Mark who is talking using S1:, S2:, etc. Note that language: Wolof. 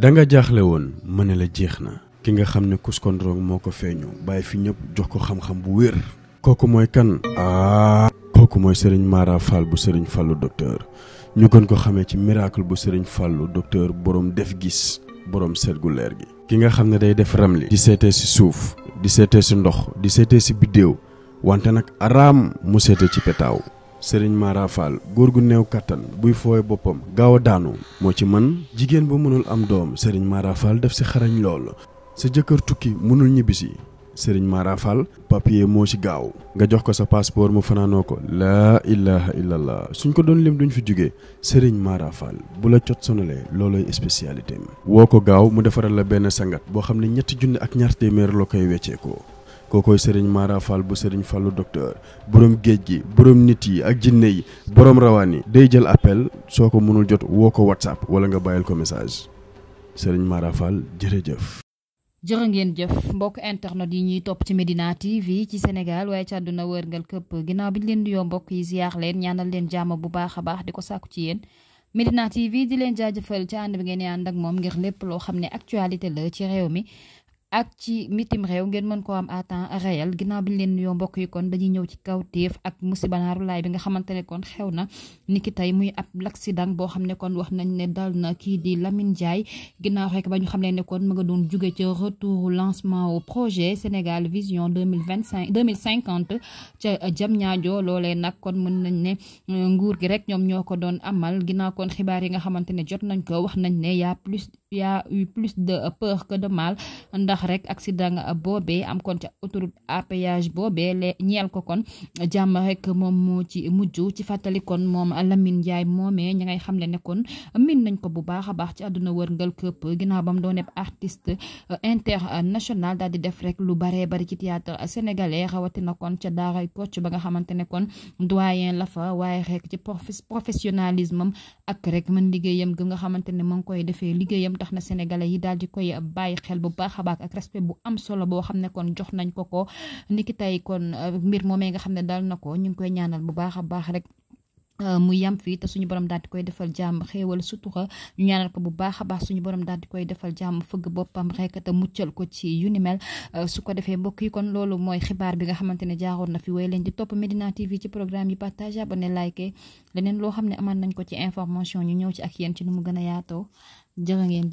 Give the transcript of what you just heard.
S1: da nga jaaxle woon ma ne la jeex na ki nga xam ne Kuskondorong moo ko feeñu bàyyi fi ñëpp jox ko xam-xam bu wér kooku mooy kan ah kooku mooy Serigne Mara bu Serigne Fallou docteur ñu kon ko xamee ci miracle bu Serigne Fallou docteur borom def gis borom seet gu leer gi ki nga xam ne day def ramli di seetee si suuf di seetee si ndox di seetee si biddéew wante nag araam mu seetee ci petaaw Serigne Mara góor gu néew kattan buy fooy boppam gaaw a daanu moo ci man jigéen bu mënul am doom Serigne Mara Fall def si xarañ lool sa jëkkër tukki mënul ñibbisi Serigne Mara Fall moo ci gaaw nga jox ko sa passeport mu fanaanoo ko laa ilaha illallah suñ ko doon lim duñ fi jóge Serigne Mara Fall bu la cot sonalee looloy spécialité woo ko gaaw mu defaral la benn sangat boo xam ne ñetti junni ak ñaar téeméer loo koy wecceekoo kookooy sëriñ Mara Fall bu sëriñ Fallu docteur borom géej gi borom nit yi ak jinne yi boroom rawaan yi day jël appel soo ko mënul jot woo ko whatsapp wala nga bàyyil ko message sëriñ Mara Fall jërëjëf.
S2: jërë ngeen jëf mbokk internet yi ñuy topp ci Medina TV ci Sénégal waaye ci àdduna wërngal këpp ginnaaw bi ñu leen di yoo mbokk yi ziar leen ñaanal leen jàmm bu baax a baax di ko sàkku ci yéen Medina TV di leen jaajëfal ci ànd bi ngeen di ànd ak moom ngir lépp loo xam ne actualité la ci réew mi. ak ci mitim réew ngeen mën koo am à temps réel ginnaaw bi ñu leen nuyoo mbokk yi kon dañuy ñëw ci kawteef ak musiba naaru laay bi nga xamante ne kon xew na niki tey muy ab l'accident boo xam ne kon wax nañ ne dal na kii di lamin Ndiaye ginnaaw rek ba ñu xam leen ne kon mu nga doon jóge ca retour lancement projet Sénégal vision deux mille vingt cinq deux mille cinquante ca Diamniadio loolee nag kon mën nañ ne euh, nguur gi rek ñoom ñoo ko doon amal ginnaaw kon xibaar yi nga xamante ne jot nañ ko wax nañ ne y a plus. y a plus de peur que de mal ndax rek accident boobee am kon ca autoroute à péage boobee le ñeel ko kon jàmm rek moom moo ci mujj ci fàttali kon moom Lamine Ndiaye moomee ña ngay xamle ne kon min nañ ko bu baax a baax ci àdduna wërngal këpp ginnaaw ba mu doon artiste international daal di def rek lu bare bari ci théâtre sénégalais rawatina kon ca daaray Kocc ba nga xamante ne kon doyen la waaye rek ci professionnalisme am ak rek man liggéeyam gi nga xamante ne mu ngi koy defee liggéeyam. tax na sénégalais yi daal di koy bàyyi xel bu baax a baax a respect bu am solo boo xam ne kon jox nañ ko ko niki tey kon mbir moomee nga xam ne daal na ko ñu ngi koy ñaanal bu baax a baax rek Euh, mu yam fii te suñu borom daal di koy defal jàmm xéewal sutura ñu ñaanal ko bu baax a baax suñu koy defal jàmm fëgg boppam rek te muccal ko ci yu mel euh, su ko defee yi kon loolu mooy xibaar bi nga xamante ne jaaroon na fi way leen topp Medina TV ci programme yi partage abonné like leneen loo xam ne amaan nañ ko ci information ñu ñëw ci ak yéen ci nu mu gën a yaatoo jërë ngeen